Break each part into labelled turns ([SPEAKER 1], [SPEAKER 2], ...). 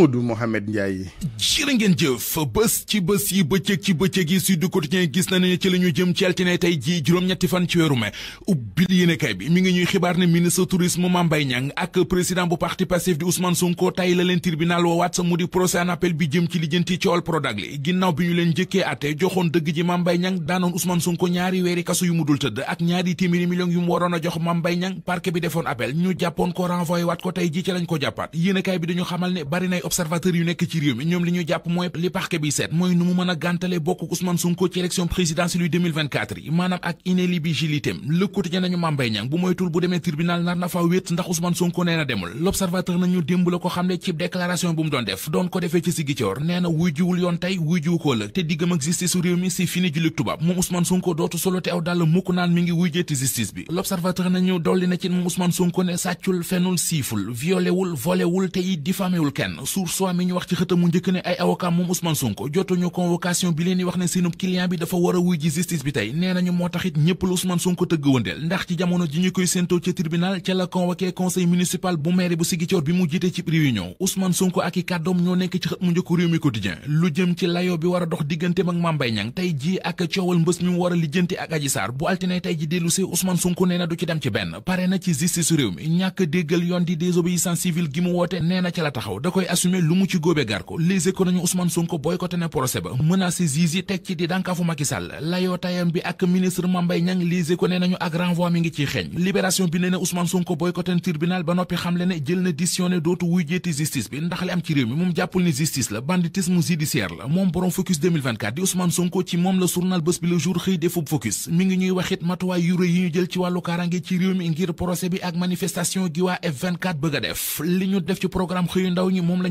[SPEAKER 1] Mamadou Mohamed Ndiaye. jërë ngeen jëf bés ci bés yi bëccëg ci bëccëg yi Sud Quotidien gis nañu jëm ci altine tey jii juróom-ñetti fan ci weeru mai ubbil yéenekaay bi mi ngi ñuy xibaar ne ministre tourisme Mame Mbaye ak président bu parti Pastef di Ousmane Sonko tay la leen tribunal woowaat sa mu di procès appel bi jëm ci lijjanti coowal Prodac li ginnaaw bi ñu leen njëkkee àtte joxoon dëgg ji Mame Mbaye Niang daanoon Ousmane Sonko ñaari weeri kaso yu mu dul observateur yi maanaam ak inéligibilité Le Quotidien nañu Mambay Niang bu moytul bu demee tribunal nar na faa wéet ndax Ousmane Sonko nee na demul l'observateur nañu démb la ko xamle ci déclaration bu mu doon def doon ko defee ci Ziguinchor nee na wuy yoon tey wuy jiwu te diggam ak justice u réew mi si fini julik tubaab moom Ousmane Sonko dootu solo te aw dàll mukk naan mi ngi wuy jeeti bi l'observateur nañu dolli na ci moom Ousmane Sonko ne sàccul fenul siiful violewul volewul te yi diffamewul kenn source mi ñu wax ci xëtam mu njëkk ne ay avocat moom Ousmane Sonko jotuñu convocation bi leen di wax ne seenub client bi dafa war a wuy ji justice bi tey nee nañu moo taxit ñëpp la Ousmane Sonko tëgg wëndeel ndax ci jamono ji ñu koy séentoo ca tribunal ca la convoqué conseil municipal bu maire bu Sigicoor bi mu jiite ci réunion Ousmane Sonko ak i kàddoom ñoo nekk ci xët mu njëkk réew mi quotidien lu jëm ci layo bi war a dox digganteem ak Mame assumé lu mu ci góobe gar ko les éco nañu Ousmane Sonko boycotté ne procès ba menacé zizi teg ci di dànkaafu Macky Sall layoo bi ak ministre Mame Mbaye Niang les ne nañu ak renvoi mi ngi ciy xeeñ libération bi ne ne Ousmane Sonko boycotté ne tribunal ba noppi xamle ne jël na décision dootu wuy jeeti justice bi ndax am ci réew mi moom jàppul ni justice la banditisme judiciaire la moom borom focus 2024 di Ousmane Sonko ci moom la journal bés bi le jour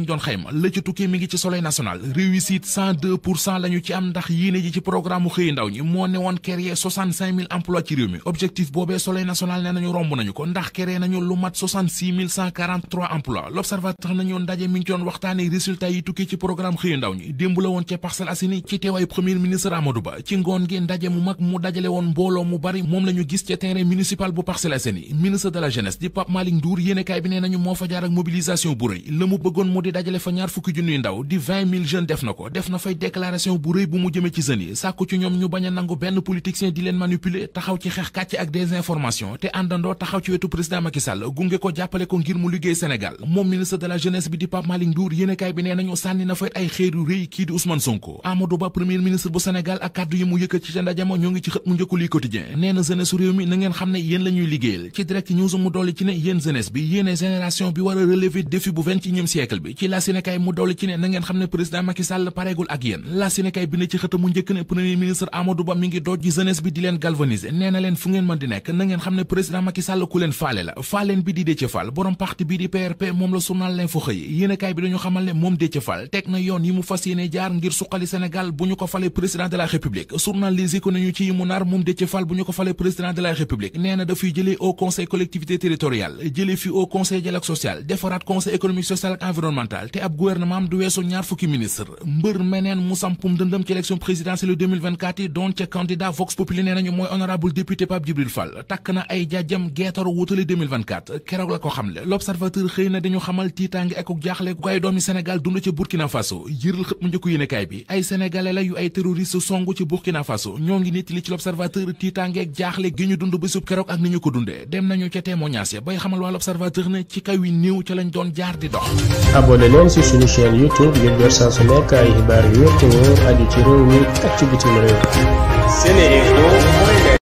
[SPEAKER 1] doon xayma la ci tukkee mi ngi ci soleil national réussite 102 pour cent la ñu ci am ndax yéene ji ci programme mu xëy ndaw ñi moo ne woon créer emplois ci réew mi objectif boobee soleil national ne nañu romb nañu ko ndax créer nañu lu mat emplois l'observateur nañu ndaje mi ngi ci doon waxtaane résultat yi tukkee ci programme xëy ndaw ñi démb la woon ca Parcelles Assainies ci teewaayu premier ministre Amadou Ba ci ngoon gi ndaje mu mag mu dajale woon mbooloo mu bari moom la ñu dajale fa ñaar fukki junniy ndaw di vingt def na ko def na fay déclaration bu rëy bu mu jëmee ci jeunes yi sàkku ci ñoom ñu bañ nangu benn politicien di leen manipuler taxaw ci xeex kàcc ak désinformation te àndandoo taxaw ci wetu président Macky gunge ko jàppale ko ngir mu liggéey Sénégal moom ministre de la jeunesse bi di Pape Malick yéenekaay bi nee nañu sànni na fay ay xéeru rëy kii di Ousmane Sonko Amadou Ba premier ministre bu Sénégal ak kàddu la si nekay mu dolli ci ne na xam ne président Macky pareegul ak yéen la si bi ne ci xëta njëkk ne premier ministre Amadou Ba mi ngi dooj ji jeunesse bi di leen galvaniser nee na leen fu ngeen mën di nekk na xam ne président Macky ku leen faale la faaleen bi di Déthié Fall borom parti bi di PRP moom la surnaal leen fu xëy yéen bi dañu xamal ne moom Déthié Fall teg na yoon yi mu fas yéene jaar ngir suqali Sénégal bu ñu départementale te ab gouvernement am du weesu ñaar fukki ministre mbër meneen mu sampum dëndëm ci élection présidentielle 2024 yi doon ca candidat Vox Populi nee nañu mooy honorable député Pape Djibril Fall takk na ay jaajam geetaru wutale keroog la ko xamle l'observateur xëy na dañu xamal tiitaange jaaxle ku ay doomi Sénégal dund ca Burkina Faso yëral xët mu njëkku yéenekaay bi ay sénégalais la yu ay terroriste songu ci Burkina Faso ñoo ngi nit li ci l'observateur tiitaange la leen ci suñu YouTube ngir jot saa su nekk ay xibaar yu wér te wóor aju ci réew mi ak ci